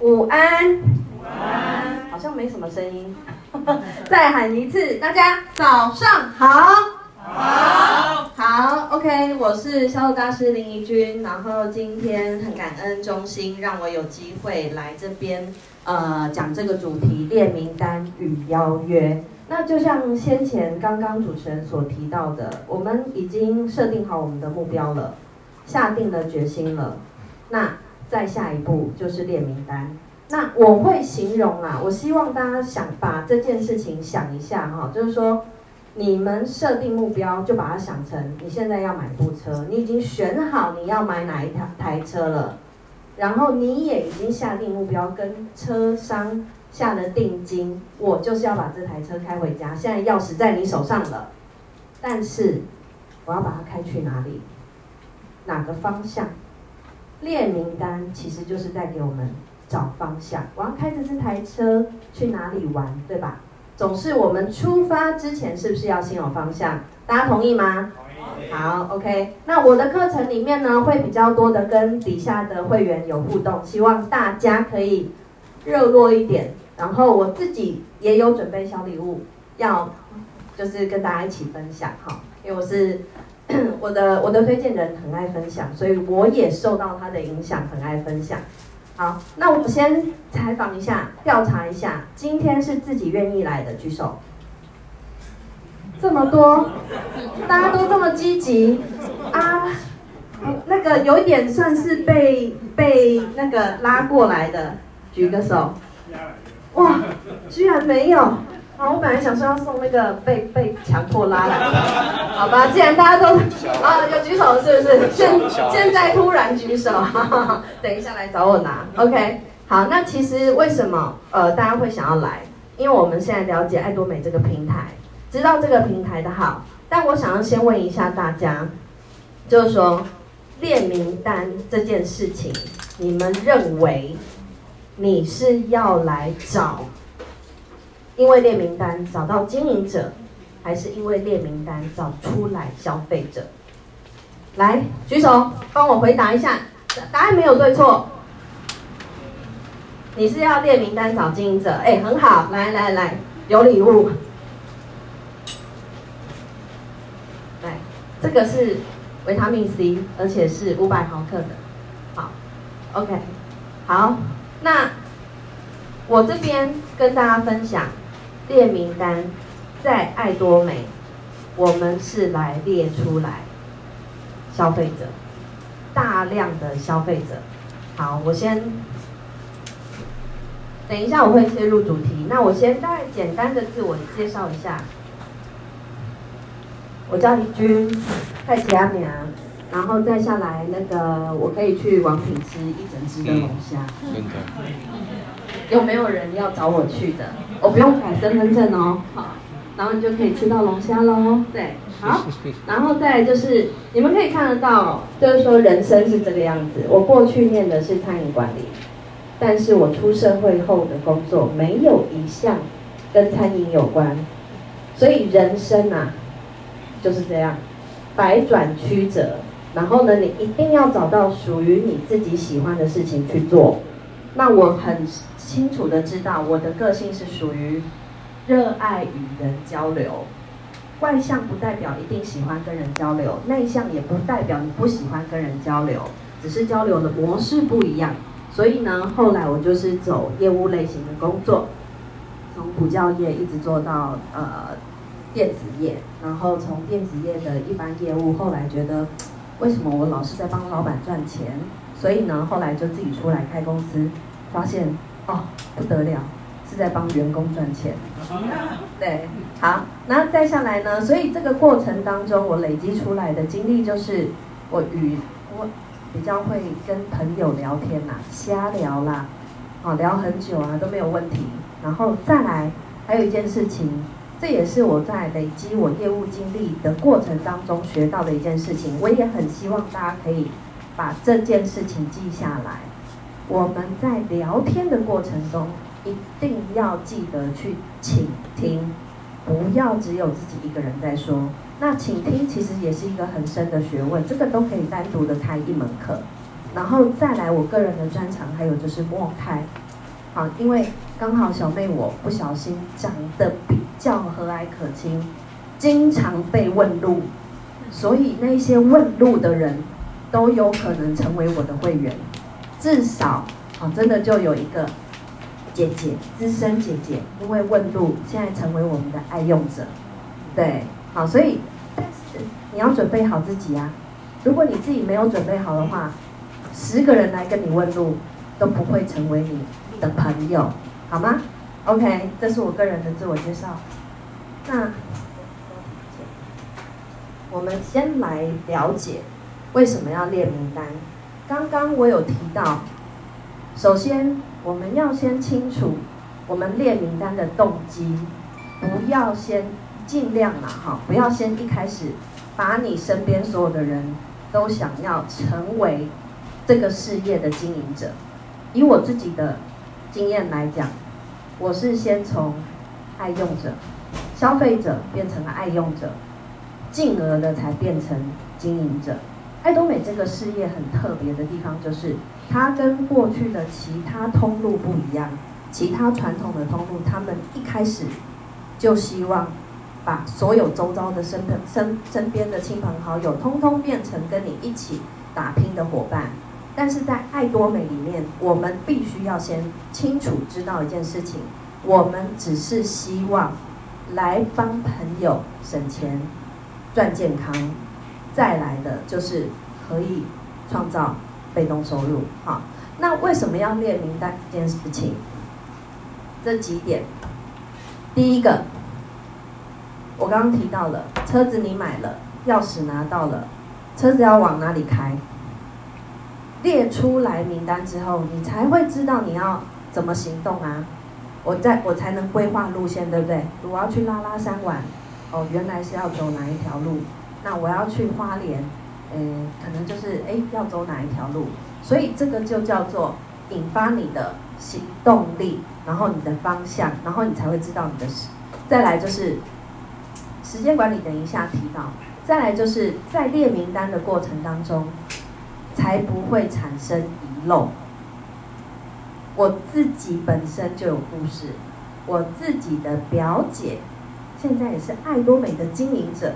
午安，午安，好像沒什麼聲音呵呵，再喊一次，大家早上好，好，好，OK，我是銷售大師林怡君，然後今天很感恩中心讓我有機會來這邊，呃，講這個主題列名單與邀約。那就像先前剛剛主持人所提到的，我們已經設定好我們的目標了，下定了決心了，那。再下一步就是列名單。那我會形容啊，我希望大家想把這件事情想一下哈、哦，就是說你們設定目標，就把它想成你現在要買部車，你已經選好你要買哪一台、台車了，然後你也已經下定目標，跟車商下了定金，我就是要把這台車開回家，現在鑰匙在你手上了，但是我要把它開去哪裡，哪個方向？列名單其實就是在給我們找方向。我要開着這台車去哪裡玩，對吧？總是我們出發之前是不是要先有方向？大家同意嗎？好，OK。那我的課程裡面呢，會比較多的跟底下的會員有互動，希望大家可以熱絡一點。然後我自己也有準備小禮物，要就是跟大家一起分享哈，因為我是。 我的我的推薦人很愛分享，所以我也受到他的影響，很愛分享。好，那我們先採訪一下，調查一下，今天是自己願意來的，舉手。這麼多，大家都這麼積極啊，哎？那個有點算是被被那個拉過來的，舉個手。哇，居然沒有。啊，我本來想說要送那個被被強迫拉來的，好吧，既然大家都啊、 哦、有舉手，是不是？現現在突然舉手，哈哈哈，等一下來找我拿。 OK，好，那其實為什麼呃大家會想要來？因為我們現在了解艾多美這個平台，知道這個平台的好，但我想要先問一下大家，就是說列名單這件事情，你們認為你是要來找？因為列名單找到經營者，還是因為列名單找出來消費者？來，舉手幫我回答一下。答，答案沒有對錯。你是要列名單找經營者？哎，很好，來來來，有禮物。來，這個是維他命 C，而且是五百毫克的。好，OK，好，那我這邊跟大家分享。列名單，在艾多美，我們是來列出來消費者，大量的消費者。好，我先，等一下我會切入主題。那我先大概簡單的自我介紹一下，我叫怡君，在吉安，然後再下來那個我可以去王品吃一整隻的龍蝦。嗯有沒有人要找我去的？我、 oh, 不用改身份證哦，好，然後你就可以吃到龍蝦嘍。對，好， 然後再就是你們可以看得到，就是說人生是這個樣子。我過去念的是餐飲管理，但是我出社會後的工作沒有一項跟餐飲有關，所以人生啊就是這樣，百轉曲折。然後呢，你一定要找到屬於你自己喜歡的事情去做。那我很。清楚的知道我的個性是屬於熱愛與人交流，外向不代表一定喜歡跟人交流，內向也不代表你不喜歡跟人交流，只是交流的模式不一樣。所以呢，後來我就是走業務類型的工作，從補教業一直做到呃電子業，然後從電子業的一般業務，後來覺得為什麼我老是在幫老闆賺錢？所以呢，後來就自己出來開公司，發現。哦，不得了，是在幫員工賺錢。對，好，那再下來呢？所以這個過程當中，我累積出來的經歷就是我，我與我比較會跟朋友聊天吶，瞎聊啦，啊、哦，聊很久啊都沒有問題。然後再來，還有一件事情，這也是我在累積我業務經歷的過程當中學到的一件事情。我也很希望大家可以把這件事情記下來。我們在聊天的過程中，一定要記得去傾聽，不要只有自己一個人在說。那傾聽其實也是一個很深的學問，這個都可以單獨的開一門課。然後再來我個人的專長，還有就是默開。好、啊，因為剛好小妹我不小心長得比較和藹可親，經常被問路，所以那些問路的人都有可能成為我的會員。至少啊，哦，真的就有一個姐姐，資深姐姐，因為問路現在成為我們的愛用者，對，好，所以，但是你要準備好自己啊，如果你自己沒有準備好的話，十個人來跟你問路都不會成為你的朋友，好嗎？OK，這是我個人的自我介紹，那我們先來了解為什麼要列名單。剛剛我有提到，首先我們要先清楚我們列名單的動機，不要先盡量啊哈，不要先一開始把你身邊所有的人都想要成為這個事業的經營者。以我自己的經驗來講，我是先從愛用者、消費者變成了愛用者，進而的才變成經營者。艾多美這個事業很特別的地方，就是它跟過去的其他通路不一樣。其他傳統的通路，他們一開始就希望把所有周遭的、身朋身身邊的親朋好友，通通變成跟你一起打拼的夥伴。但是在艾多美裡面，我們必須要先清楚知道一件事情：我們只是希望來幫朋友省錢、賺健康。再來的就是可以創造被動收入，好，那為什麼要列名單這件事情？這幾點，第一個，我剛剛提到了車子你買了，鑰匙拿到了，車子要往哪裡開？列出來名單之後，你才會知道你要怎麼行動啊，我在我才能規劃路線，對不對？我要去拉拉山玩，哦，原來是要走哪一條路？那我要去花蓮，嗯，可能就是哎，要走哪一條路？所以這個就叫做引發你的行動力，然後你的方向，然後你才會知道你的事。再來就是時間管理，等一下提到。再來就是在列名單的過程當中，才不會產生遺漏。我自己本身就有故事，我自己的表姐現在也是愛多美的經營者。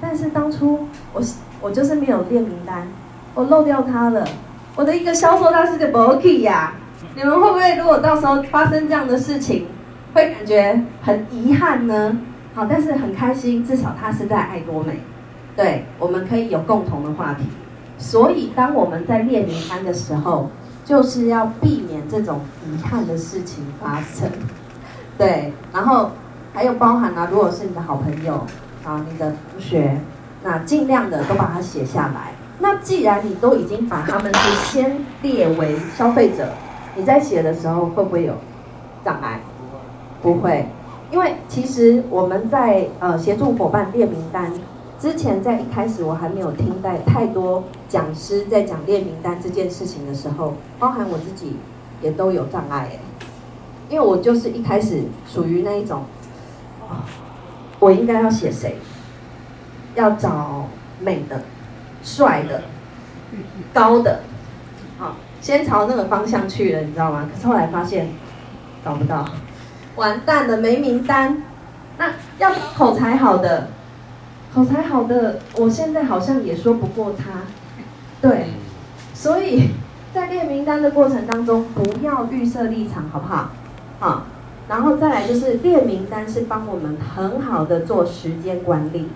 但是當初我我就是沒有列名單，我漏掉他了，我的一個銷售他是個 body 呀，你們會不會如果到時候發生這樣的事情，會感覺很遺憾呢？好，但是很開心，至少他是在艾多美，對，我們可以有共同的話題。所以當我們在列名單的時候，就是要避免這種遺憾的事情發生，對，然後還有包含了、啊，如果是你的好朋友。好，你的同學，那盡量的都把它寫下來。那既然你都已經把他們是先列為消費者，你在寫的時候會不會有障礙？不會，因為其實我們在呃協助夥伴列名單之前，在一開始我還沒有聽到太多講師在講列名單這件事情的時候，包含我自己也都有障礙，欸，因為我就是一開始屬於那一種，哦我應該要寫誰？要找美的、帥的、高的，好，哦，先朝那個方向去了，你知道嗎？可是後來發現找不到，完蛋了，沒名單。那要口才好的，口才好的，我現在好像也說不過他，對，所以在列名單的過程當中，不要預設立場，好不好？好、哦。然後再來就是列名單，是幫我們很好的做時間管理。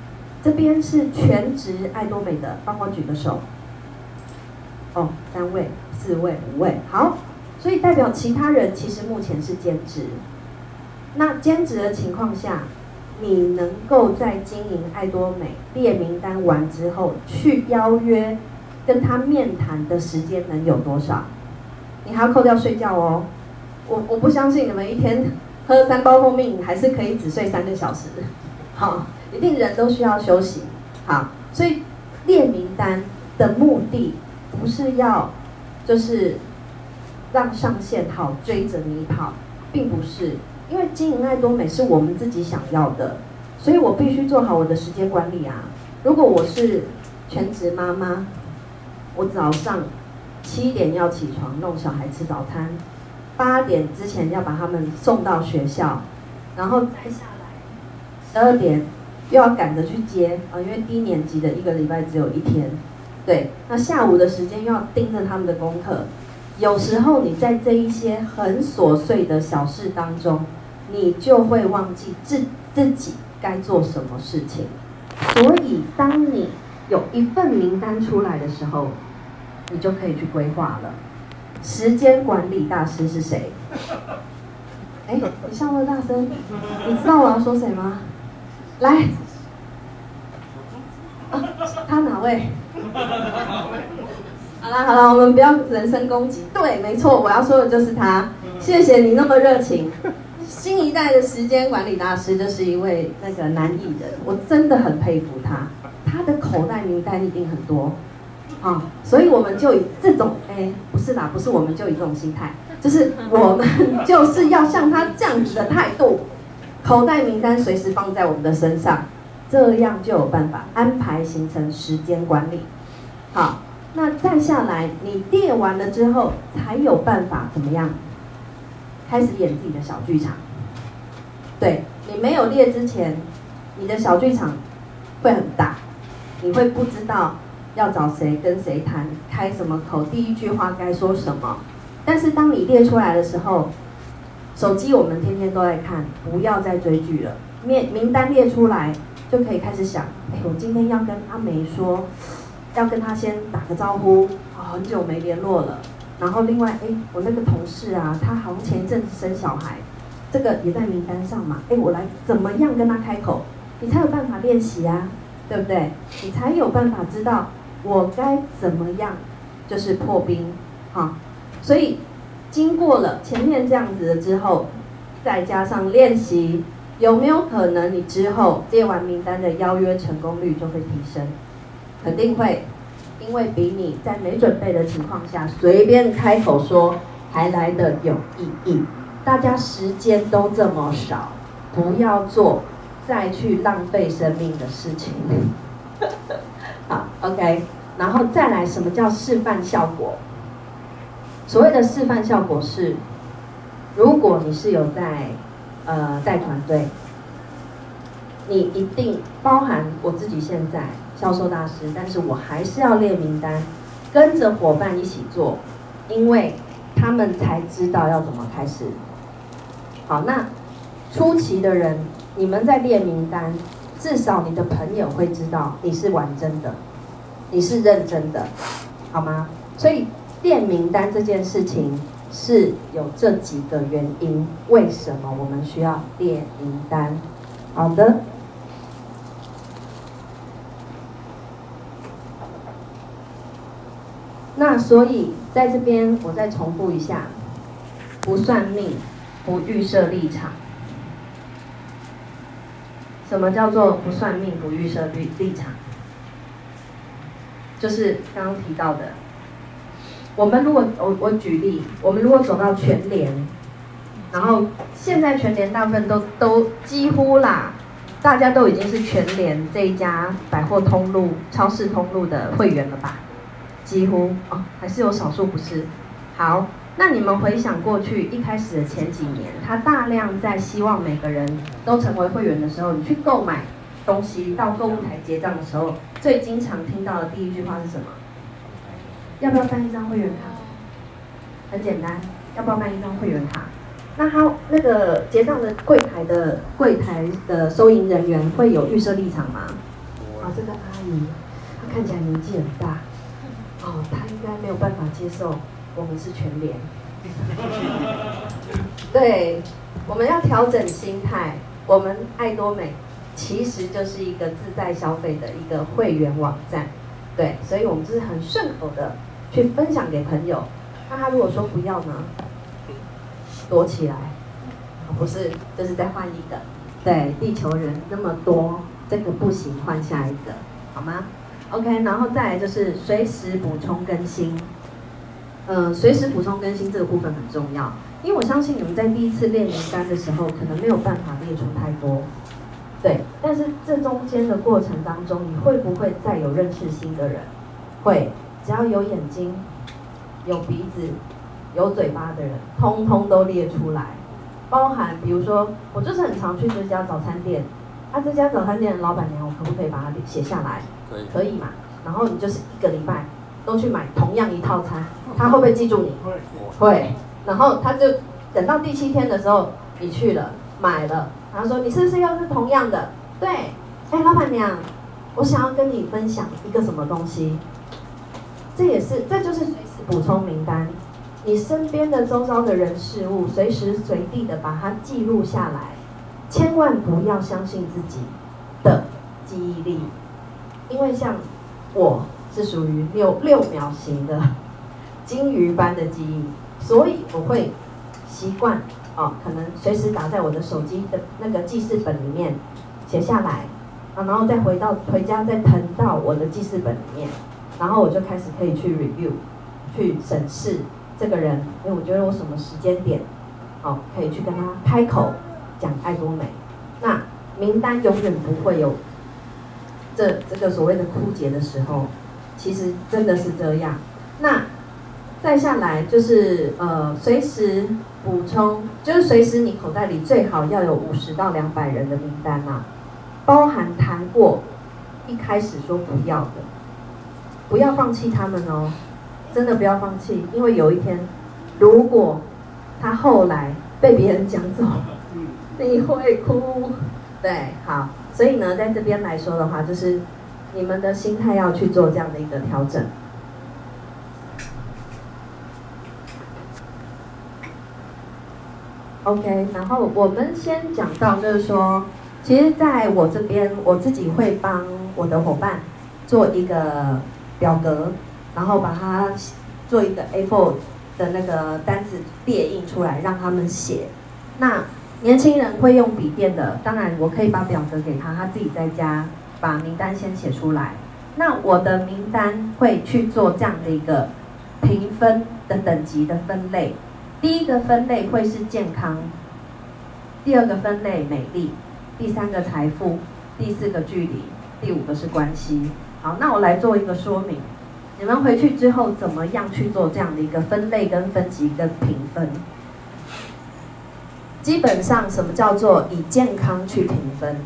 這邊是全職愛多美的，幫我舉個手。哦，三位、四位、五位，好。所以代表其他人其實目前是兼職。那兼職的情況下，你能夠在經營愛多美列名單完之後，去邀約跟他面談的時間能有多少？你還要扣掉睡覺哦。我我不相信你們一天。喝三包蜂蜜還是可以只睡三個小時，好，一定人都需要休息，好，所以列名單的目的不是要就是讓上線好追着你跑，並不是，因為經營愛多美是我們自己想要的，所以我必須做好我的時間管理啊。如果我是全職媽媽，我早上七點要起床弄小孩吃早餐。八點之前要把他們送到學校，然後再下來十二點又要趕着去接啊，因為低年級的一個禮拜只有一天，對，那下午的時間又要盯着他們的功課。有時候你在這一些很瑣碎的小事當中，你就會忘記自自己該做什麼事情。所以，當你有一份名單出來的時候，你就可以去規劃了。時間管理大師是誰？哎、欸，你笑得大聲，你知道我要說誰嗎？來、啊，他哪位？好啦好啦，我們不要人身攻擊。對，沒錯，我要說的就是他。謝謝你那麼熱情。新一代的時間管理大師就是一位那個男藝人，我真的很佩服他。他的口袋名單一定很多。啊，所以我們就以這種哎、欸，不是啦，不是，我們就以這種心態，就是我們就是要像他這樣子的態度，口袋名單隨時放在我們的身上，這樣就有辦法安排行程、時間管理。好，那再下來，你列完了之後，才有辦法怎麼樣，開始演自己的小劇場。對，你沒有列之前，你的小劇場會很大，你會不知道。要找誰，跟誰談，開什麼口，第一句話該說什麼？但是當你列出來的時候，手機我們天天都在看，不要再追劇了。面名單列出來，就可以開始想：哎，我今天要跟阿梅說，要跟她先打個招呼，好，很久沒聯絡了。然後另外，哎，我那個同事啊，她好像前一陣子生小孩，這個也在名單上嘛。哎，我來怎麼樣跟她開口？你才有辦法練習啊，對不對？你才有辦法知道。我該怎麼樣，就是破冰，哈、哦，所以經過了前面這樣子的之後，再加上練習，有沒有可能你之後列完名單的邀約成功率就會提升？肯定會，因為比你在沒準備的情況下隨便開口說還來得有意義。大家時間都這麼少，不要做再去浪費生命的事情。 好，OK。然後再來，什麼叫示範效果？所謂的示範效果是，如果你是有在，呃，帶團隊，你一定包含我自己現在銷售大師，但是我還是要列名單，跟着伙伴一起做，因為他們才知道要怎麼開始。好，那初期的人，你們在列名單，至少你的朋友會知道你是玩真的。你是認真的，好嗎？所以列名單這件事情是有這幾個原因，為什麼我們需要列名單？好的，那所以在這邊我再重複一下：不算命，不預設立場。什麼叫做不算命不預設立立場？就是剛剛提到的，我們如果我我舉例，我們如果走到全聯，然後現在全聯大部分都都幾乎啦，大家都已經是全聯這一家百貨通路、超市通路的會員了吧？幾乎哦，還是有少數不是。好，那你們回想過去一開始的前幾年，他大量在希望每個人都成為會員的時候，你去購買。東西到購物台結賬的時候，最經常聽到的第一句話是什麼？要不要辦一張會員卡？很簡單，要不要辦一張會員卡？那他那個結賬的櫃檯的櫃檯的收銀人員會有預設立場嗎？哦，這個阿姨，她看起來年紀很大，哦，她應該沒有辦法接受我們是全聯。 對，我們要調整心態，我們艾多美。其實就是一個自在消費的一個會員網站，對，所以我們就是很順口的去分享給朋友。那他如果說不要呢？躲起來？不是，就是在換一個。對，地球人那麼多，這個不行，換下一個，好嗎？OK，然後再來就是隨時補充更新。嗯，隨時補充更新這個部分很重要，因為我相信你們在第一次列名單的時候，可能沒有辦法列出太多。對，但是這中間的過程當中，你會不會再有認識新的人？會，只要有眼睛、有鼻子、有嘴巴的人，通通都列出來，包含比如說，我就是很常去這家早餐店，那、啊、這家早餐店的老板娘，我可不可以把它寫下來？對可以，可以嘛？然後你就是一個禮拜都去買同樣一套餐，他會不會記住你？會對，會。然後他就等到第七天的時候，你去了，買了，然後說：“你是不是又是同樣的？對，哎，老板娘，我想要跟你分享一個什麼東西？這也是，這就是隨時補充名單。你身邊的周遭的人事物，隨時隨地的把它記錄下來，千萬不要相信自己的記憶力，因為像我是屬於六六秒型的金魚般的記憶，所以我會習慣。”哦，可能隨時打在我的手機的那個記事本裡面寫下來，啊，然後再回到回家再謄到我的記事本裡面，然後我就開始可以去 review，去審視這個人，因為我覺得我什麼時間點，哦，可以去跟他開口講艾多美，那名單永遠不會有這這個所謂的枯竭的時候，其實真的是這樣，那。再下來就是呃，隨時補充，就是隨時你口袋裡最好要有五十到兩百人的名單吶、啊，包含談過，一開始說不要的，不要放棄他們哦，真的不要放棄，因為有一天，如果他後來被別人講走，你會哭。對，好，所以呢，在這邊來說的話，就是你們的心態要去做這樣的一個調整。OK，然後我們先講到，就是說，其實在我這邊，我自己會幫我的夥伴做一個表格，然後把它做一個 A4 的那個單子列印出來，讓他們寫。那年輕人會用筆電的，當然我可以把表格給他，他自己在家把名單先寫出來。那我的名單會去做這樣的一個評分的等級的分類。第一個分類會是健康，第二個分類美麗，第三個財富，第四個距離，第五個是關係。好，那我來做一個說明，你們回去之後怎麼樣去做這樣的一個分類、跟分級、跟評分？基本上，什麼叫做以健康去評分？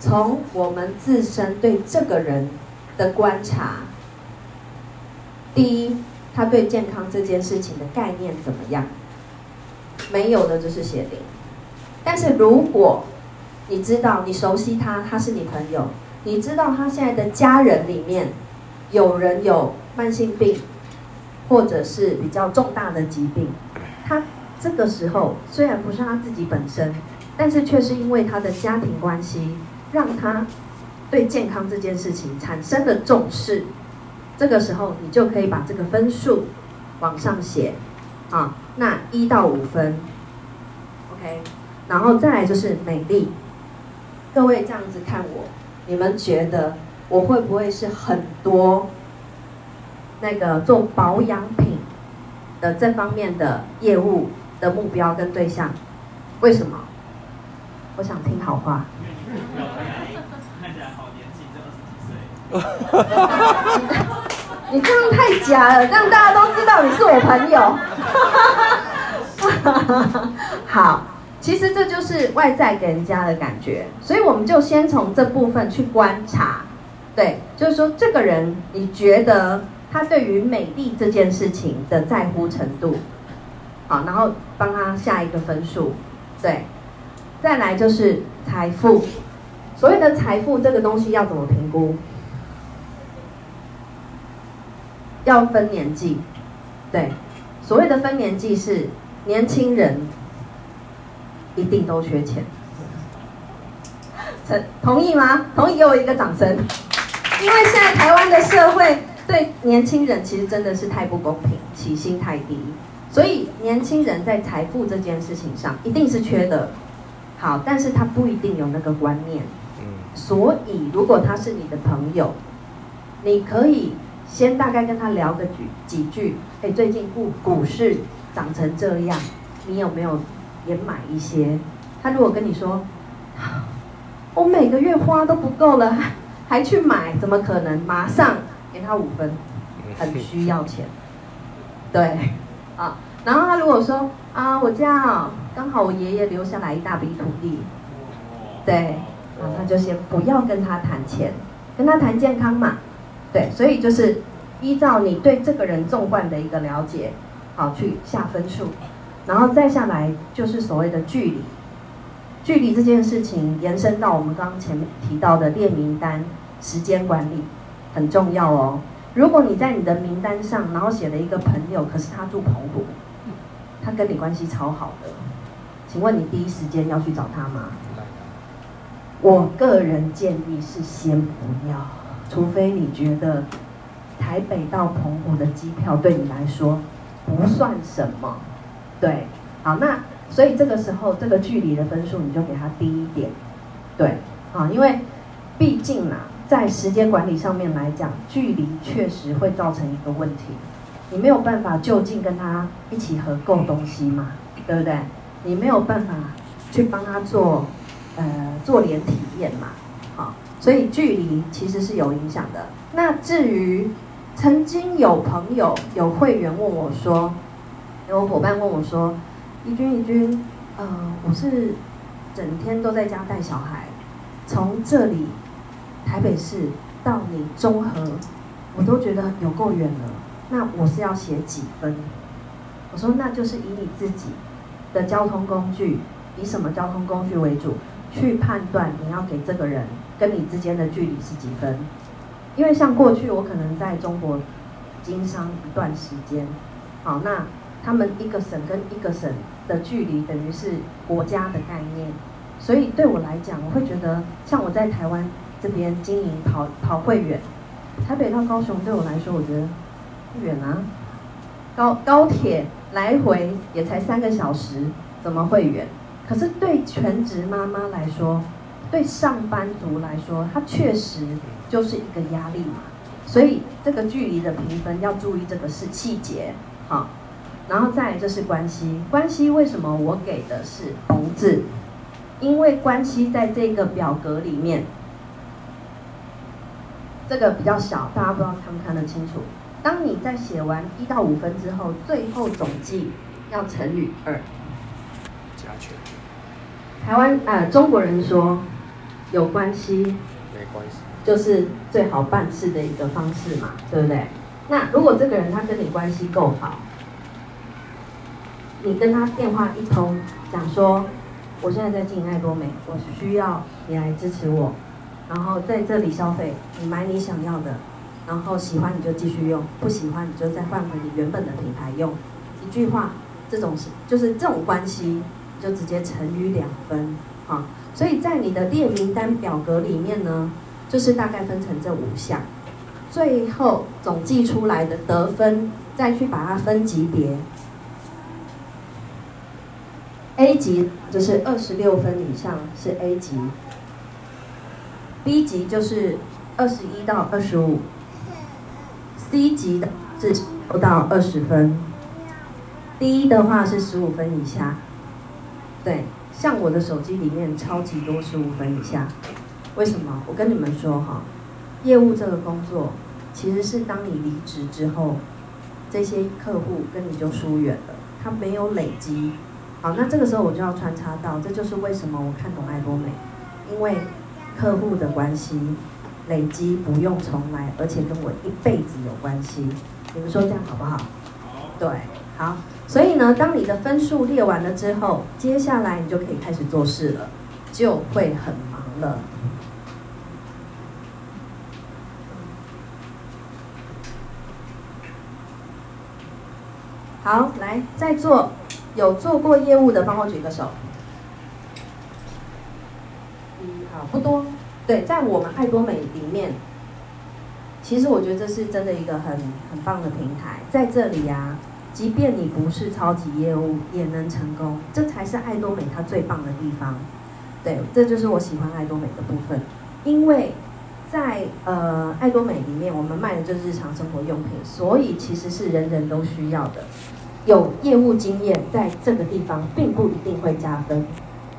從我們自身對這個人的觀察，第一。他對健康這件事情的概念怎麼樣？沒有的，就是邪靈。但是，如果你知道、你熟悉他，他是你朋友，你知道他現在的家人裡面有人有慢性病，或者是比較重大的疾病，他這個時候雖然不是他自己本身，但是卻是因為他的家庭關係，讓他對健康這件事情產生了重視。這個時候，你就可以把這個分數往上寫，啊，那一到五分，OK，然後再來就是美麗。各位這樣子看我，你們覺得我會不會是很多那個做保養品的這方面的業務的目標跟對象？為什麼？我想聽好話。看起來好年輕，才二十幾歲。你這樣太假了，讓大家都知道你是我朋友。 好，其實這就是外在給人家的感覺，所以我們就先從這部分去觀察，對，就是說這個人你覺得他對於美麗這件事情的在乎程度，好，然後幫他下一個分數，對，再來就是財富，所謂的財富這個東西要怎麼評估？要分年紀，對，所謂的分年紀是年輕人一定都缺錢，同同意嗎？同意給我一個掌聲。因為現在台灣的社會對年輕人其實真的是太不公平，起薪太低，所以年輕人在財富這件事情上一定是缺的。好，但是他不一定有那個觀念。所以如果他是你的朋友，你可以。先大概跟他聊個幾幾句，哎，最近股股市漲成這樣，你有沒有也買一些？他如果跟你說，我、啊哦、每個月花都不夠了，還去買，怎麼可能？馬上給他五分，很需要錢。對，啊，然後他如果說啊，我家剛好我爺爺留下來一大筆土地，對，那他就先不要跟他談錢，跟他談健康嘛。對，所以就是依照你對這個人縱貫的一個了解，好去下分數，然後再下來就是所謂的距離。距離這件事情延伸到我們剛剛前面提到的列名單、時間管理，很重要哦。如果你在你的名單上，然後寫了一個朋友，可是他住澎湖，他跟你關係超好的，請問你第一時間要去找他嗎？我個人建議是先不要。除非你覺得台北到澎湖的機票對你來說不算什麼，對，好，那所以這個時候這個距離的分數你就給他低一點，對，啊，因為畢竟啦、啊，在時間管理上面來講，距離確實會造成一個問題，你沒有辦法就近跟他一起合購東西嘛，對不對？你沒有辦法去幫他做呃做臉體驗嘛。所以距離其實是有影響的。那至於曾經有朋友，有會員問我說，有夥伴問我說：“怡君怡君，呃，我是整天都在家帶小孩，從這裡台北市到你中和，我都覺得有夠遠了。那我是要寫幾分？”我說：“那就是以你自己的交通工具，以什麼交通工具為主，去判斷你要給這個人”跟你之間的距離是幾分？因為像過去我可能在中國經商一段時間，好，那他們一個省跟一個省的距離等於是國家的概念，所以對我來講，我會覺得像我在台灣這邊經營跑跑會員，台北到高雄對我來說我覺得不遠啊，高高鐵來回也才三個小時，怎麼會遠？可是對全職媽媽來說，對上班族來說，它確實就是一個壓力嘛，所以這個距離的評分要注意，這個是細節，好，然後再來就是關係，關係為什麼我給的是紅字？因為關係在這個表格裡面，這個比較小，大家不知道看不看得清楚。當你在寫完一到五分之後，最後總計要乘以二全。加權。台灣呃，中國人說。有關係，沒關係，就是最好辦事的一個方式嘛，對不對？那如果這個人他跟你關係夠好，你跟他電話一通，講說，我現在在經營艾多美，我需要你來支持我，然後在這裡消費，你買你想要的，然後喜歡你就繼續用，不喜歡你就再換回你原本的品牌用。一句話，這種是就是這種關係，就直接乘以兩分。好，所以在你的列名單表格裡面呢，就是大概分成這五項，最後總計出來的得分，再去把它分級別。A 級就是二十六分以上是 A 級，B 級就是二十一到二十五，C 級的是十六到二十分，D 的話是十五分以下，對。像我的手機裡面超級多十五分以下，為什麼？我跟你們說哈，業務這個工作，其實是當你離職之後，這些客戶跟你就疏遠了，他沒有累積。好，那這個時候我就要穿插到，這就是為什麼我看懂艾多美，因為客戶的關係累積不用重來，而且跟我一輩子有關係。你們說這樣好不好？對，好。所以呢，當你的分數列完了之後，接下來你就可以開始做事了，就會很忙了。好，來，在座有做過業務的，幫我舉個手。好，不多。對，在我們艾多美裡面，其實我覺得這是真的一個很很棒的平台，在這裡啊。即便你不是超級業務，也能成功。這才是艾多美它最棒的地方。對，這就是我喜歡艾多美的部分。因為在，在呃艾多美裡面，我們賣的就是日常生活用品，所以其實是人人都需要的。有業務經驗在這個地方並不一定會加分。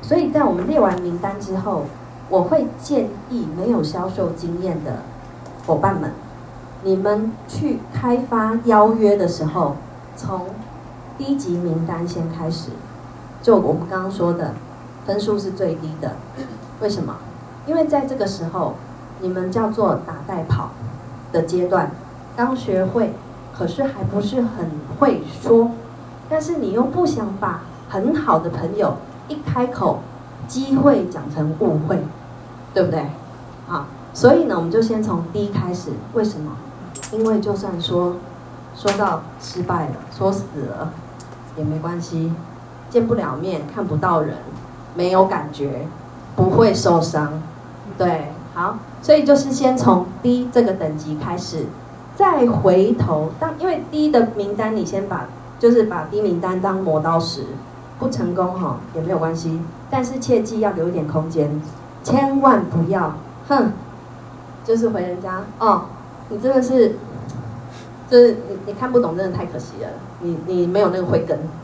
所以在我們列完名單之後，我會建議沒有銷售經驗的夥伴們，你們去開發邀約的時候。從低級名單先開始，就我們剛剛說的，分數是最低的。為什麼？因為在這個時候，你們叫做打帶跑的階段，剛學會，可是還不是很會說。但是你又不想把很好的朋友一開口，機會講成誤會，對不對？啊，所以呢，我們就先從低開始。為什麼？因為就算說。說到失敗了，說死了也沒關係，見不了面，看不到人，沒有感覺，不會受傷，對，好，所以就是先從低這個等級開始，再回頭，當因為低的名單你先把，就是把低名單當磨刀石，不成功哈、哦、也沒有關係，但是切記要留一點空間，千萬不要，哼，就是回人家哦，你真的是。就是你你看不懂，真的太可惜了。你你沒有那個慧根。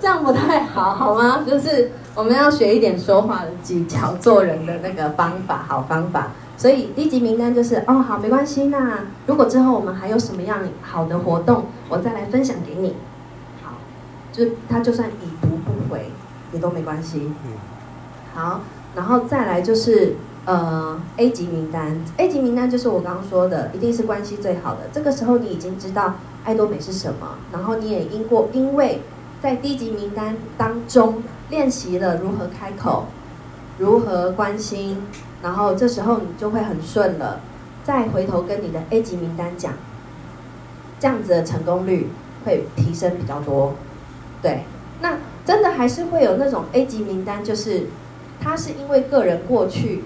這樣不太好，好嗎？就是我們要學一點說話技巧，做人的那個方法，好方法。所以第一級名單就是哦，好，沒關係。那如果之後我們還有什麼樣好的活動，我再來分享給你。好，就是他就算已讀不回你都沒關係。嗯，好。然後再來就是，呃，A 級名單，A 級名單就是我剛剛說的，一定是關係最好的。這個時候你已經知道艾多美是什麼，然後你也因過因為，在 D 級名單當中練習了如何開口，如何關心，然後這時候你就會很順了，再回頭跟你的 A 級名單講，這樣子的成功率會提升比較多。對，那真的還是會有那種 A 級名單，就是。他是因為個人過去，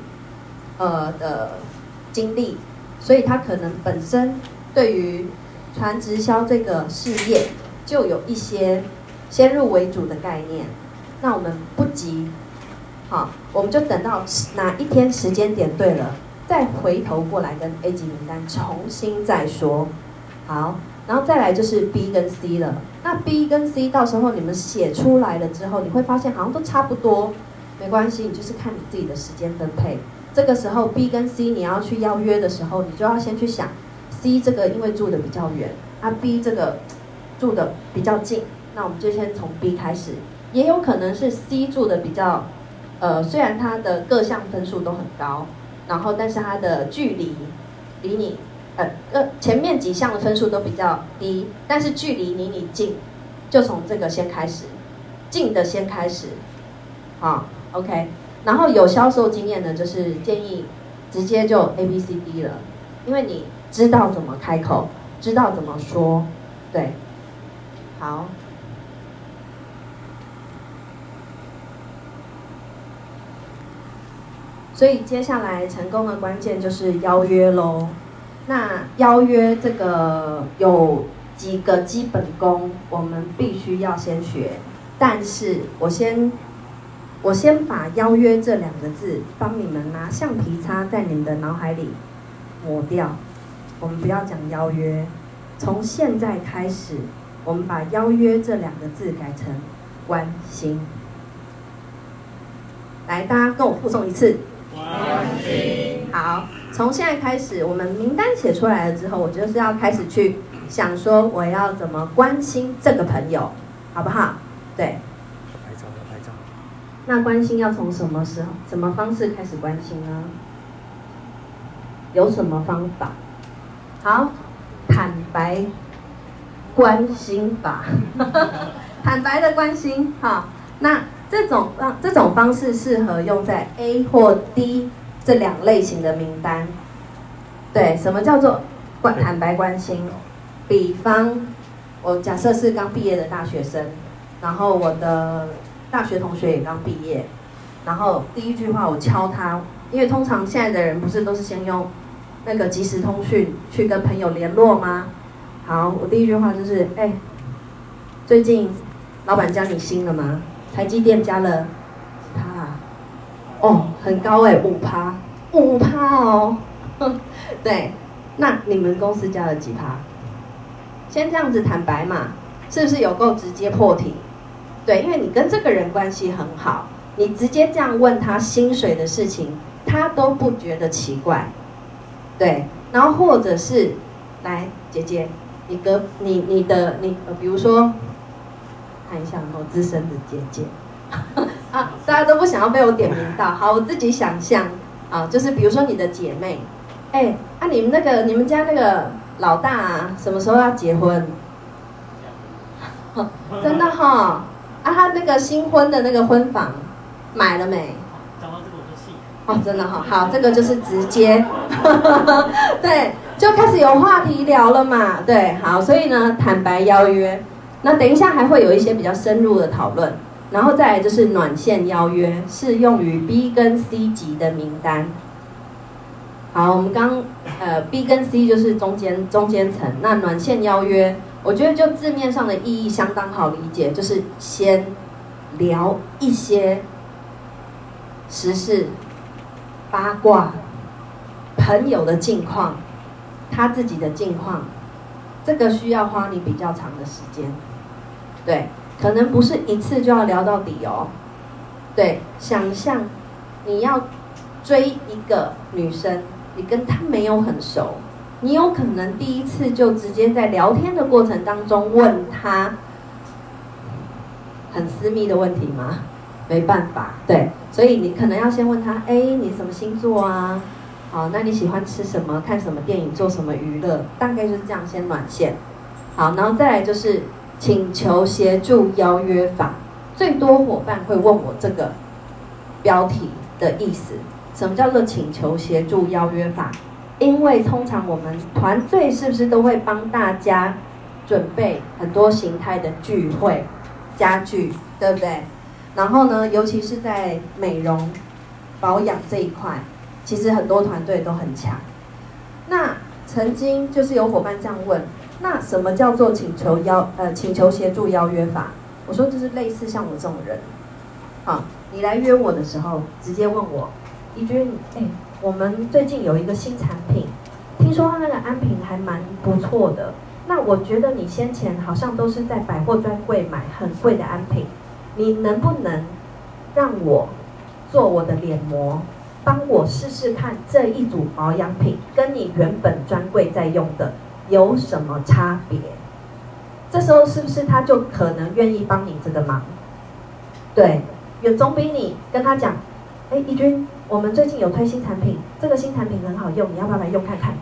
呃的經歷，所以他可能本身對於傳直銷這個事業就有一些先入為主的概念。那我們不急，好，我們就等到哪一天時間點對了，再回頭過來跟 A 級名單重新再說。好，然後再來就是 B 跟 C 了。那 B 跟 C 到時候你們寫出來了之後，你會發現好像都差不多。沒關係，你就是看你自己的時間分配。這個時候，B 跟 C 你要去邀約的時候，你就要先去想 C 這個，因為住的比較遠；啊 B 這個住的比較近，那我們就先從 B 開始。也有可能是 C 住的比較，呃，雖然它的各項分數都很高，然後但是它的距離離你呃，呃前面幾項的分數都比較低，但是距離離你近，就從這個先開始，近的先開始，啊、哦。OK，然後有銷售經驗的，就是建議直接就 ABCD 了，因為你知道怎麼開口，知道怎麼說，對，好。所以接下來成功的關鍵就是邀約嘍。那邀約這個有幾個基本功，我們必須要先學，但是我先。我先把“邀約”這兩個字幫你們拿橡皮擦，在你們的腦海裡抹掉。我們不要講邀約，從現在開始，我們把“邀約”這兩個字改成“關心”。來，大家跟我複誦一次“關心”。好，從現在開始，我們名單寫出來了之後，我就是要開始去想說，我要怎麼關心這個朋友，好不好？對。那關心要從什麼時候、什麼方式開始關心呢？有什麼方法？好，坦白關心吧， 坦白的關心。好，那這種方、啊、這種方式適合用在 A 或 D 這兩類型的名單。對，什麼叫做關坦白關心？比方，我假設是剛畢業的大學生，然後我的。大學同學也剛畢業，然後第一句話我敲他，因為通常現在的人不是都是先用那個即時通訊去跟朋友聯絡嗎？好，我第一句話就是，哎、欸，最近老闆加你薪了嗎？台積電加了，幾趴，哦，很高哎、欸，五趴，五趴哦，對，那你們公司加了幾趴？先這樣子坦白嘛，是不是有夠直接破題？對，因為你跟這個人關係很好，你直接這樣問他薪水的事情，他都不覺得奇怪，對。然後或者是，來姐姐，你哥你你的你呃，比如說，看一下我資深的姐姐呵呵啊，大家都不想要被我點名到。好，我自己想象啊，就是比如說你的姐妹，哎、欸，啊你們那個你們家那個老大，啊、什麼時候要結婚？真的哈。啊、他那個新婚的那個婚房買了沒？講到這個我就氣哦，真的好、哦，好，這個就是直接， 對，就開始有話題聊了嘛，對，好，所以呢，坦白邀約，那等一下還會有一些比較深入的討論，然後再來就是暖線邀約，適用於 B 跟 C 級的名單。好，我們剛呃 B 跟 C 就是中間中間層，那暖線邀約。我覺得就字面上的意義相當好理解，就是先聊一些時事、八卦、朋友的近況、他自己的近況，這個需要花你比較長的時間。對，可能不是一次就要聊到底哦。對，想象你要追一個女生，你跟她沒有很熟。你有可能第一次就直接在聊天的過程當中問他很私密的問題嗎？沒辦法，對，所以你可能要先問他，誒，你什麼星座啊？好，那你喜歡吃什麼？看什麼電影？做什麼娛樂？大概就是這樣，先暖線。好，然後再來就是請求協助邀約法，最多夥伴會問我這個標題的意思，什麼叫做請求協助邀約法？因為通常我們團隊是不是都會幫大家準備很多形態的聚會，家具，對不對？然後呢，尤其是在美容保養這一塊，其實很多團隊都很強。那曾經就是有夥伴這樣問：那什麼叫做請求邀呃請求協助邀約法？我說就是類似像我這種人，好、哦，你來約我的時候，直接問我，怡君，哎、欸。我們最近有一個新產品，聽說它那個安瓶還蠻不錯的。那我覺得你先前好像都是在百貨專櫃買很貴的安瓶，你能不能讓我做我的臉膜，幫我試試看這一組保養品跟你原本專櫃在用的有什麼差別？這時候是不是他就可能願意幫你這個忙？對，也總比你跟他講，哎，怡君。我們最近有推新產品，這個新產品很好用，你要不要來用看看？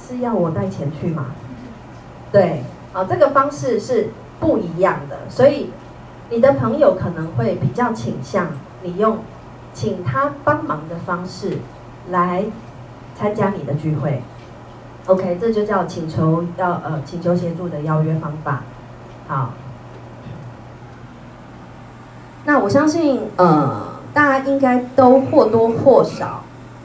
是要我帶錢去嗎？對，好，這個方式是不一樣的，所以你的朋友可能會比較傾向你用請他幫忙的方式來參加你的聚會。OK，這就叫請求要呃請求協助的邀約方法。好，那我相信呃。嗯大家應該都或多或少，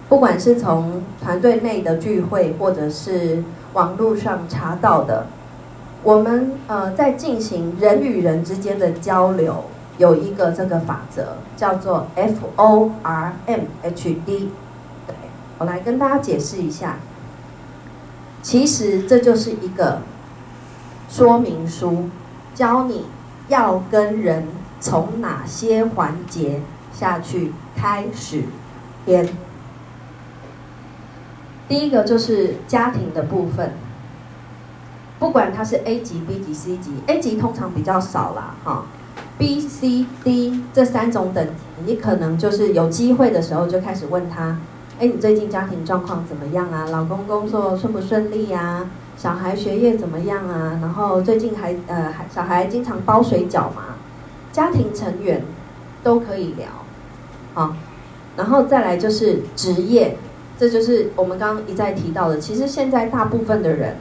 不管是從團隊內的聚會，或者是網路上查到的，我們呃在進行人與人之間的交流，有一個這個法則叫做 F O R M H D 對，我來跟大家解釋一下，其實這就是一個說明書，教你要跟人從哪些環節。下去開始，編。第一個就是家庭的部分，不管他是 A 級、B 級、C 級，A 級通常比較少啦哈、哦。B、C、D 這三種等級，你可能就是有機會的時候就開始問他，哎、欸，你最近家庭狀況怎麼樣啊？老公工作順不順利呀、啊？小孩學業怎麼樣啊？然後最近還呃，小孩經常包水餃嗎？家庭成員都可以聊。好，然後再來就是職業，這就是我們剛剛一再提到的。其實現在大部分的人，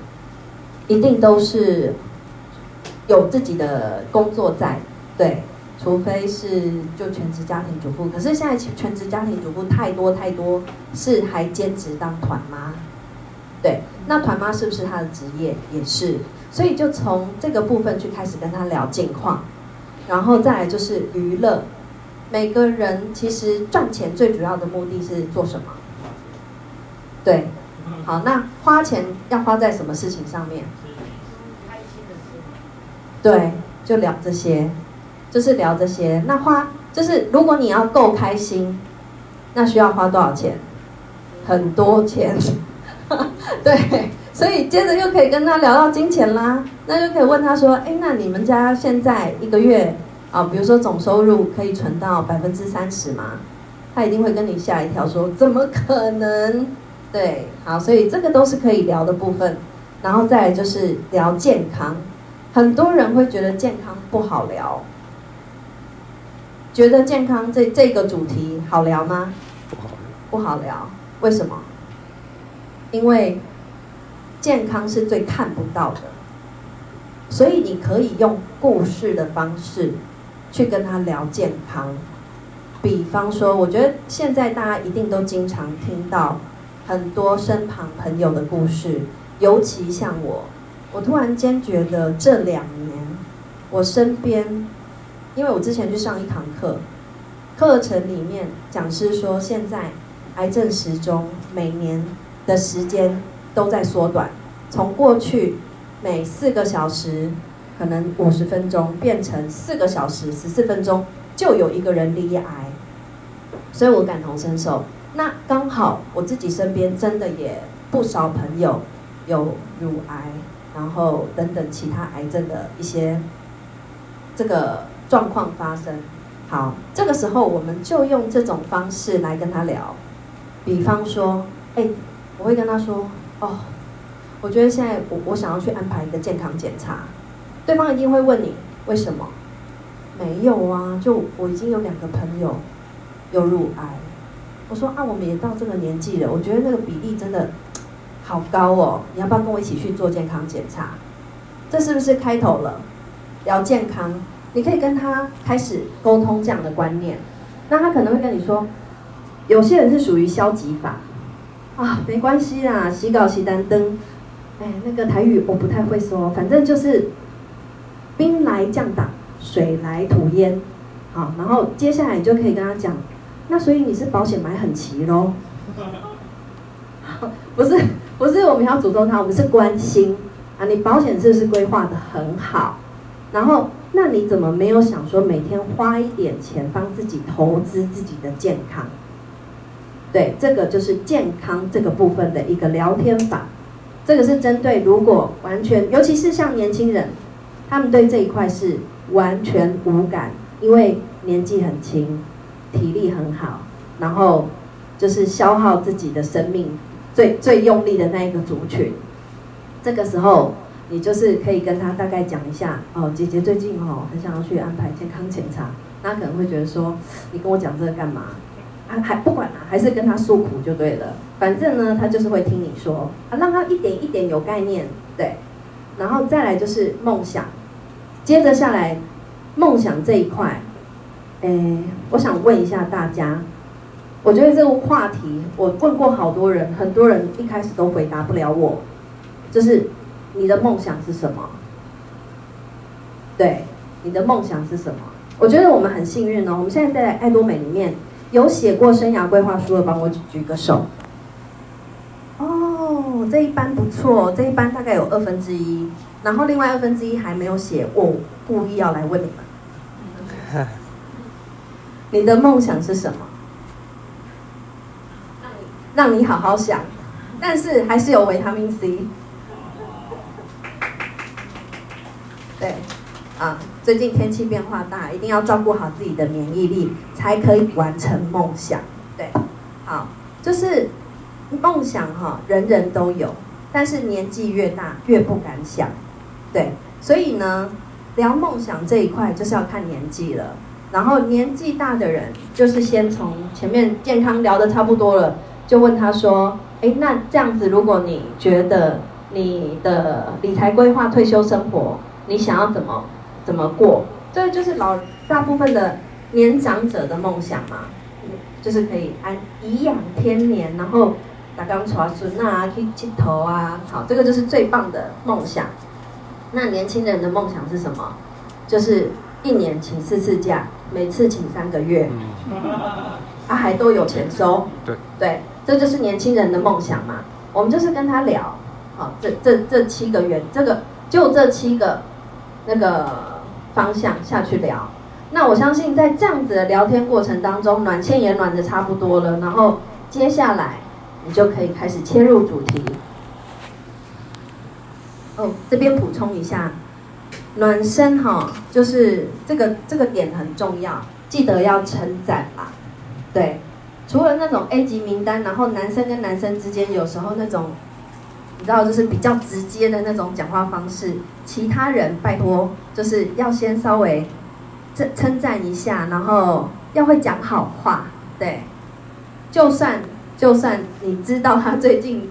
一定都是有自己的工作在，對，除非是就全職家庭主婦。可是現在全職家庭主婦太多太多，是還兼職當團媽？對，那團媽是不是她的職業也是？所以就從這個部分去開始跟她聊近況，然後再來就是娛樂。每個人其實賺錢最主要的目的是做什麼？對，好，那花錢要花在什麼事情上面？對，就聊這些，就是聊這些。那花就是如果你要夠開心，那需要花多少錢？很多錢，對，所以接着又可以跟他聊到金錢啦。那就可以問他說：“哎，那你們家現在一個月？”啊，比如說總收入可以存到百分之三十嗎？他一定會跟你嚇一跳說怎麼可能？對，好，所以這個都是可以聊的部分。然後再來就是聊健康，很多人會覺得健康不好聊，覺得健康這這個主題好聊嗎？不好聊，不好聊，為什麼？因為健康是最看不到的，所以你可以用故事的方式。去跟他聊健康，比方說，我覺得現在大家一定都經常聽到很多身旁朋友的故事，尤其像我，我突然間覺得這兩年我身邊，因為我之前去上一堂課，課程裡面講師說，現在癌症時鐘每年的時間都在縮短，從過去每四個小時，可能五十分鐘變成四個小時十四分鐘，就有一個人罹癌，所以我感同身受。那剛好我自己身邊真的也不少朋友有乳癌，然後等等其他癌症的一些這個狀況發生。好，這個時候我們就用這種方式來跟他聊，比方說，哎、欸，我會跟他說，哦，我覺得現在我我想要去安排一個健康檢查。對方一定會問你為什麼？沒有啊，就我已經有兩個朋友有乳癌。我說啊，我們也到這個年紀了，我覺得那個比例真的好高哦。你要不要跟我一起去做健康檢查？這是不是開頭了？聊健康，你可以跟他開始溝通這樣的觀念。那他可能會跟你說，有些人是屬於消極法啊，沒關係啦，洗澡洗單燈。哎，那個台語我不太會說，反正就是。兵來將擋，水來土掩，好，然後接下來你就可以跟他講。那所以你是保險買很齊嘍？不是，不是，我們要詛咒他，我們是關心啊。你保險是不是規劃的很好？然後，那你怎麼沒有想說每天花一點錢幫自己投資自己的健康？對，這個就是健康這個部分的一個聊天法。這個是針對如果完全，尤其是像年輕人。他們對這一塊是完全無感，因為年紀很輕，體力很好，然後就是消耗自己的生命最最用力的那一個族群。這個時候，你就是可以跟他大概講一下哦，姐姐最近哦很想要去安排健康檢查，他可能會覺得說你跟我講這個幹嘛？啊，還不管啊，還是跟他訴苦就對了。反正呢，他就是會聽你說，啊讓他一點一點有概念，對，然後再來就是夢想。接着下來，夢想這一塊，誒，我想問一下大家，我覺得這個話題，我問過好多人，很多人一開始都回答不了我，就是你的夢想是什麼？對，你的夢想是什麼？我覺得我們很幸運哦，我們現在在艾多美裡面有寫過生涯規劃書的，幫我舉舉個手。哦，這一班不錯，這一班大概有二分之一，然後另外二分之一還沒有寫，我故意要來問你們。 你的夢想是什麼？讓你，讓你好好想，但是還是有維他命 C。 對，啊，最近天氣變化大，一定要照顧好自己的免疫力，才可以完成夢想。對，好，啊，就是夢想哈，哦，人人都有，但是年紀越大越不敢想。對，所以呢，聊夢想這一塊就是要看年紀了。然後年紀大的人，就是先從前面健康聊得差不多了，就問他說：“哎，那這樣子，如果你覺得你的理財規劃、退休生活，你想要怎麼怎麼過？”這就是老大部分的年長者的夢想嘛，就是可以安頤養天年，然後打鋼鋤啊、孫啊去剃頭啊，好，這個就是最棒的夢想。那年輕人的夢想是什麼？就是一年請四次假，每次請三個月，他、嗯啊、還都有錢收。對，對，對，這就是年輕人的夢想嘛。我們就是跟他聊，啊、哦，這這這七個月，這個就這七個那個方向下去聊。那我相信在這樣子的聊天過程當中，暖線也暖的差不多了。然後接下來你就可以開始切入主題。哦，這邊補充一下，暖身哈，就是這個這個點很重要，記得要稱讚嘛。對，除了那種 A 級名單，然後男生跟男生之間有時候那種，你知道，就是比較直接的那種講話方式，其他人拜託，就是要先稍微稱稱讚一下，然後要會講好話。對，就算就算你知道他最近，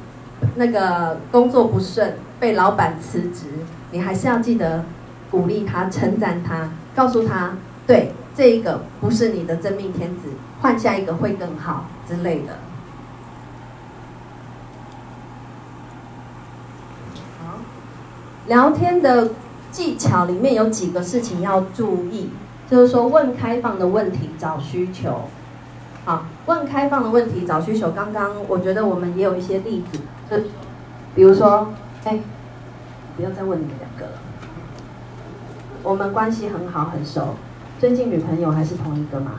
那個工作不順，被老闆辭職，你還是要記得鼓勵他、稱讚他，告訴他對，這一個不是你的真命天子，換下一個會更好之類的。好，聊天的技巧裡面有幾個事情要注意，就是說問開放的問題找需求。好，問開放的問題找需求，剛剛我覺得我們也有一些例子。比如說，哎、欸，不要再問你們兩個了。我們關係很好，很熟，最近女朋友還是同一個嗎？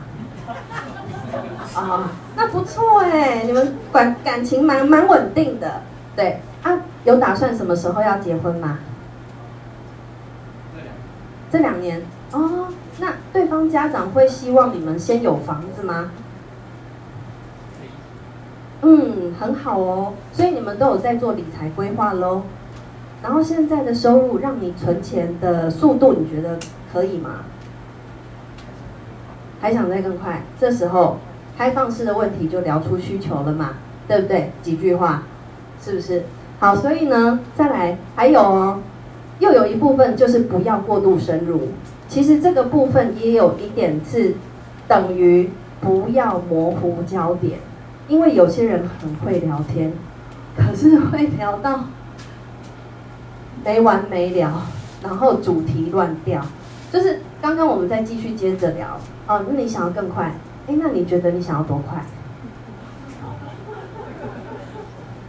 啊、 哦，那不錯哎、欸，你們感感情蠻蠻穩定的。對，啊，有打算什麼時候要結婚嗎？對這兩年。這兩年。哦，那對方家長會希望你們先有房子嗎？嗯，很好哦，所以你們都有在做理財規劃咯，然後現在的收入讓你存錢的速度，你覺得可以嗎？還想再更快？這時候開放式的問題就聊出需求了嘛，對不對？幾句話，是不是？好，所以呢，再來，還有哦，又有一部分就是不要過度深入。其實這個部分也有一點是等於不要模糊焦點。因為有些人很會聊天，可是會聊到沒完沒了，然後主題亂掉。就是剛剛我們再繼續接着聊，啊、哦，那你想要更快？哎，那你覺得你想要多快？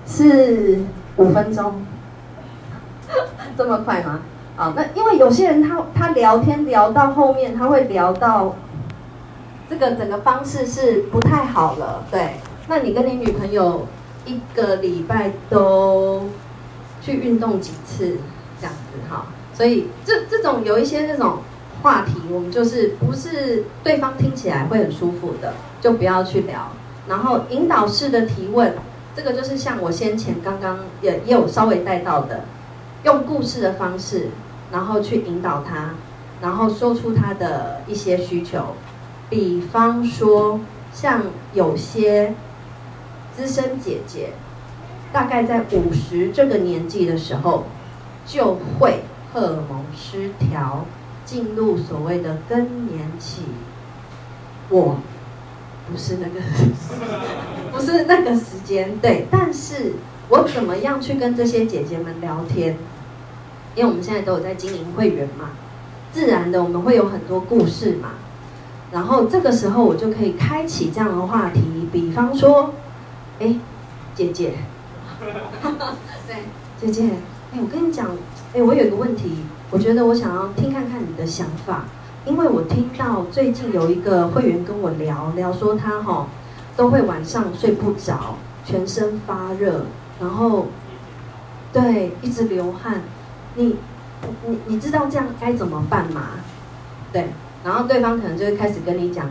是五分鐘？這麼快嗎？啊、哦，那因為有些人他他聊天聊到後面，他會聊到這個整個方式是不太好了，對。那你跟你女朋友一個禮拜都去運動幾次這樣子哈？所以這這種有一些這種話題，我們就是不是對方聽起來會很舒服的，就不要去聊。然後引導式的提問，這個就是像我先前剛剛也也有稍微帶到的，用故事的方式，然後去引導他，然後說出他的一些需求。比方說，像有些。資深姐姐大概在五十這個年紀的時候，就會荷爾蒙失調，進入所謂的更年期。我，不是那個，是啊、 不是那個時間，對。但是我怎麼樣去跟這些姐姐們聊天？因為我們現在都有在經營會員嘛，自然的我們會有很多故事嘛。然後這個時候我就可以開啟這樣的話題，比方說。哎，姐姐呵呵，對，姐姐，哎，我跟你講，哎，我有一個問題，我覺得我想要聽看看你的想法，因為我聽到最近有一個會員跟我聊聊，說他哈都會晚上睡不着，全身發熱，然後對，一直流汗，你你你知道這樣該怎麼辦嗎？對，然後對方可能就會開始跟你講，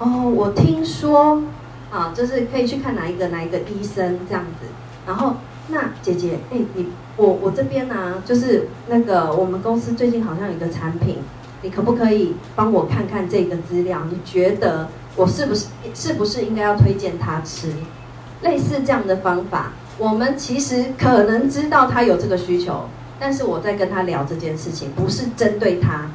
哦，我聽說。好，就是可以去看哪一個哪一個醫生這樣子。然後，那姐姐，哎、欸，你我我這邊呢、啊，就是那個我們公司最近好像有一個產品，你可不可以幫我看看這個資料？你覺得我是不是是不是應該要推薦他吃？類似這樣的方法，我們其實可能知道他有這個需求，但是我在跟他聊這件事情，不是針對他。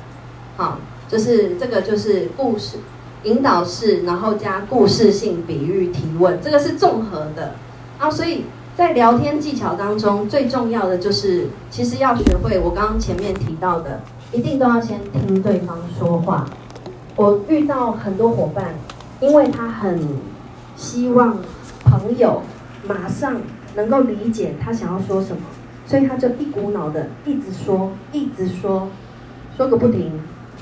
好，就是這個就是故事。引導式，然後加故事性、比喻提問，這個是綜合的啊。所以在聊天技巧當中，最重要的就是，其實要學會我剛剛前面提到的，一定都要先聽對方說話。我遇到很多夥伴，因為他很希望朋友馬上能夠理解他想要說什麼，所以他就一股腦的一直說，一直說，說個不停，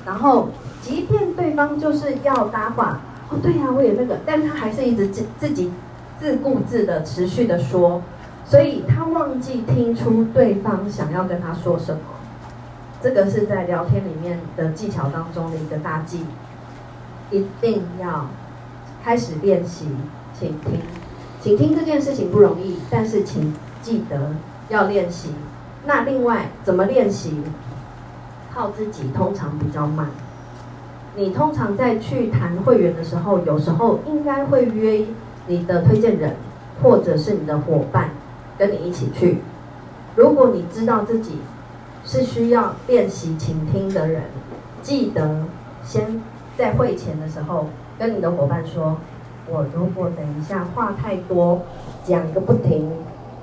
然後，即便對方就是要搭話，哦，對呀，我也那個，但他還是一直自自己自顧自的持續的說，所以他忘記聽出對方想要跟他說什麼。這個是在聊天裡面的技巧當中的一個大忌，一定要開始練習傾聽，傾聽這件事情不容易，但是請記得要練習。那另外怎麼練習？靠自己通常比較慢。你通常在去談會員的時候，有時候應該會約你的推薦人，或者是你的夥伴，跟你一起去。如果你知道自己是需要練習傾聽的人，記得先在會前的時候跟你的夥伴說：我如果等一下話太多，講個不停，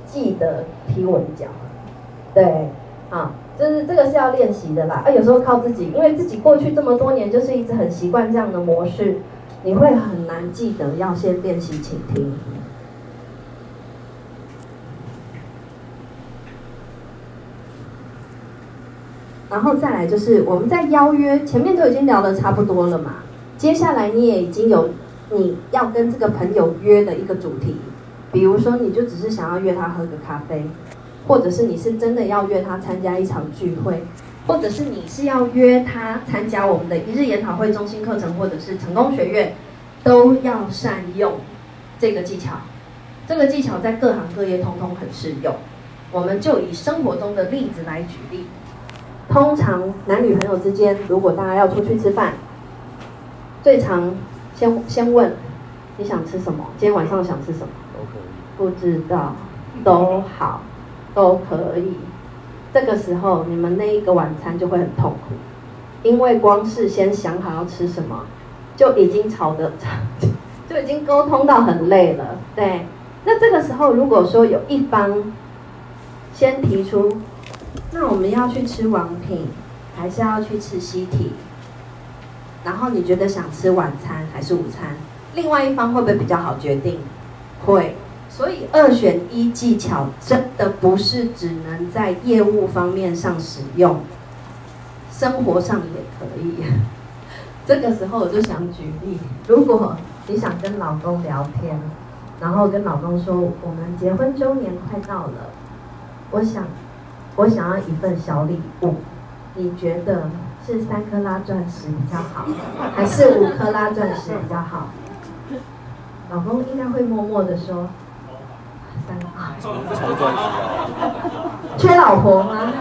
記得踢我一腳。對，啊、哦。就是這個是要練習的吧？啊，有時候靠自己，因為自己過去這麼多年就是一直很習慣這樣的模式，你會很難記得要先練習傾聽。然後再來就是我們在邀約前面都已經聊的差不多了嘛，接下來你也已經有你要跟這個朋友約的一個主題，比如說你就只是想要約他喝個咖啡。或者是你是真的要約他參加一場聚會，或者是你是要約他參加我們的一日研討會中心課程，或者是成功學院，都要善用這個技巧。這個技巧在各行各業統統很適用。我們就以生活中的例子來舉例。通常男女朋友之間，如果大家要出去吃飯，最常先先問你想吃什麼？今天晚上想吃什麼都可以，不知道都好。都可以。這個時候，你們那一個晚餐就會很痛苦，因為光是先想好要吃什麼，就已經吵得，就已經溝通到很累了。對，那這個時候如果說有一方先提出，那我們要去吃王品，還是要去吃西堤？然後你覺得想吃晚餐還是午餐？另外一方會不會比較好決定？會。所以二選一技巧真的不是只能在業務方面上使用，生活上也可以。這個時候我就想舉例，如果你想跟老公聊天，然後跟老公說，我們結婚週年快到了，我想我想要一份小禮物，你覺得是三克拉鑽石比較好，還是五克拉鑽石比較好？老公應該會默默的說。啊、缺老婆嗎？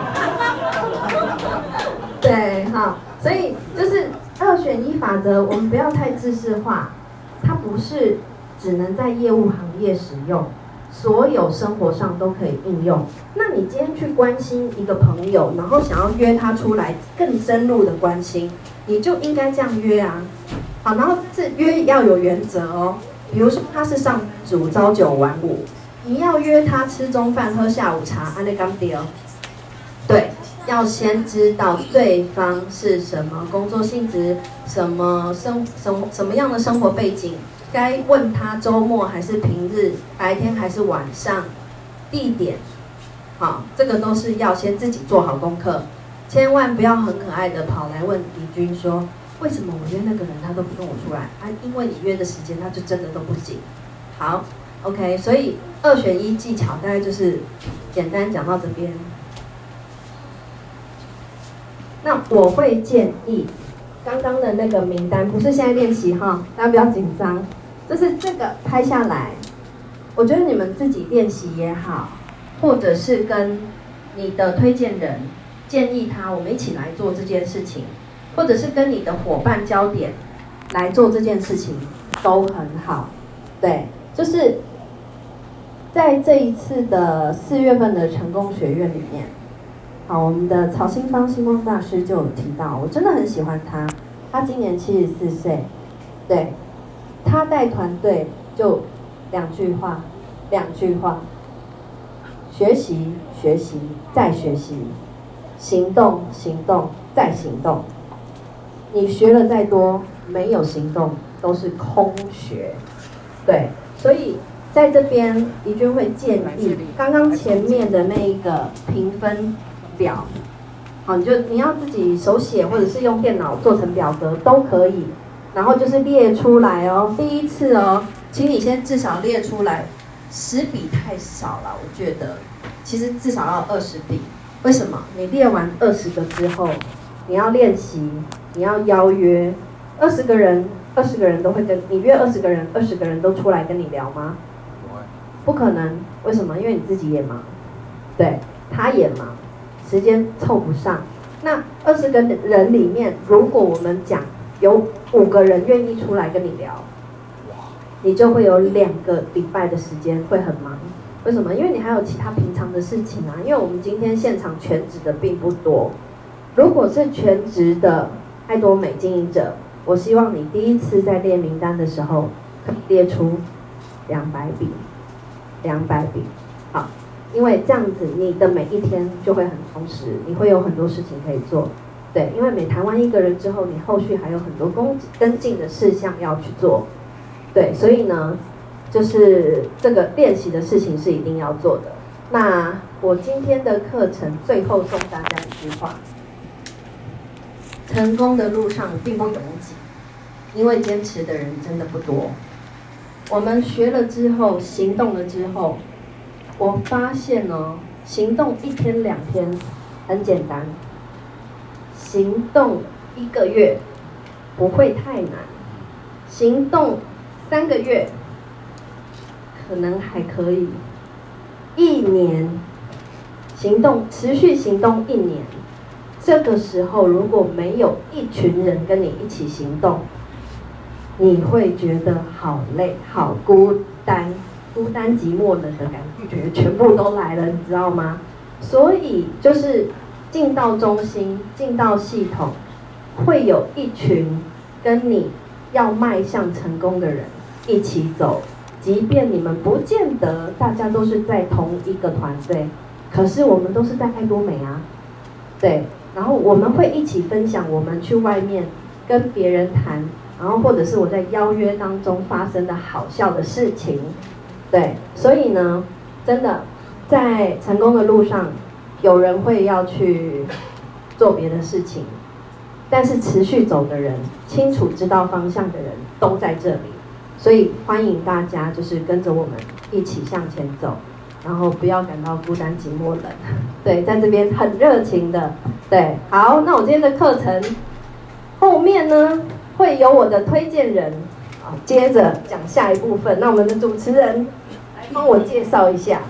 對、好、哦、所以就是二選一法則，我們不要太自視化。它不是只能在業務行業使用，所有生活上都可以應用。那你今天去關心一個朋友，然後想要約他出來更深入的關心，你就應該這樣約啊。好，然後這約要有原則哦，比如說他是上班族，朝九晚五。你要約他吃中飯、喝下午茶，安德岡迪奧。對，要先知道對方是什麼工作性質、什麼生、什麼什麼樣的生活背景，該問他周末還是平日、白天還是晚上、地點。好，這個都是要先自己做好功課，千萬不要很可愛的跑來問狄君說：“為什麼我約那個人他都不跟我出來？”啊，因為你約的時間他就真的都不行。好。OK，所以二選一技巧大概就是簡單講到這邊。那我會建議，剛剛的那個名單不是現在練習哈，大家不要緊張，就是這個拍下來。我覺得你們自己練習也好，或者是跟你的推薦人建議他，我們一起來做這件事情，或者是跟你的夥伴焦點來做這件事情都很好。對，就是。在這一次的四月份的成功學院裡面，好，我們的曹新芳星光大師就有提到，我真的很喜歡他。他今年七十四歲，對，他帶團隊就兩句話，兩句話，學習學習再學習，行動行動再行動。你學了再多，沒有行動都是空學，對，所以。在這邊，怡君會建議，剛剛前面的那一個評分表，好，你就你要自己手寫或者是用電腦做成表格都可以，然後就是列出來哦，第一次哦，請你先至少列出來，十筆太少了，我覺得，其實至少要二十筆，為什麼？你列完二十個之後，你要練習，你要邀約，二十個人，二十個人都會跟你約二十個人，二十個人都出來跟你聊嗎？不可能，為什麼？因為你自己也忙，對，他也忙，時間湊不上。那二十個人裡面，如果我們講有五個人願意出來跟你聊，你就會有兩個禮拜的時間會很忙。為什麼？因為你還有其他平常的事情啊。因為我們今天現場全職的並不多。如果是全職的艾多美經營者，我希望你第一次在列名單的時候，列出兩百筆。兩百筆，好，因為這樣子，你的每一天就會很充實，你會有很多事情可以做，對，因為每談完一個人之後，你後續還有很多工跟進的事項要去做，對，所以呢，就是這個練習的事情是一定要做的。那我今天的課程最後送大家一句話：成功的路上並不擁擠，因為堅持的人真的不多。我們學了之後，行動了之後，我發現呢、哦，行動一天兩天很簡單，行動一個月不會太難，行動三個月可能還可以，一年行動，持續行動一年，這個時候如果沒有一群人跟你一起行動。你會覺得好累、好孤單、孤單寂寞、寂寞冷的感覺，感覺全部都來了，你知道嗎？所以就是進到中心、進到系統，會有一群跟你要邁向成功的人一起走，即便你們不見得大家都是在同一個團隊，可是我們都是在艾多美啊，對。然後我們會一起分享，我們去外面跟別人談。然後，或者是我在邀約當中發生的好笑的事情，對，所以呢，真的在成功的路上，有人會要去做別的事情，但是持續走的人，清楚知道方向的人，都在這裡，所以歡迎大家就是跟着我們一起向前走，然後不要感到孤單、寂寞、冷，對，在這邊很熱情的，對，好，那我今天的課程後面呢？會由我的推薦人啊，接着講下一部分。那我們的主持人來幫我介紹一下。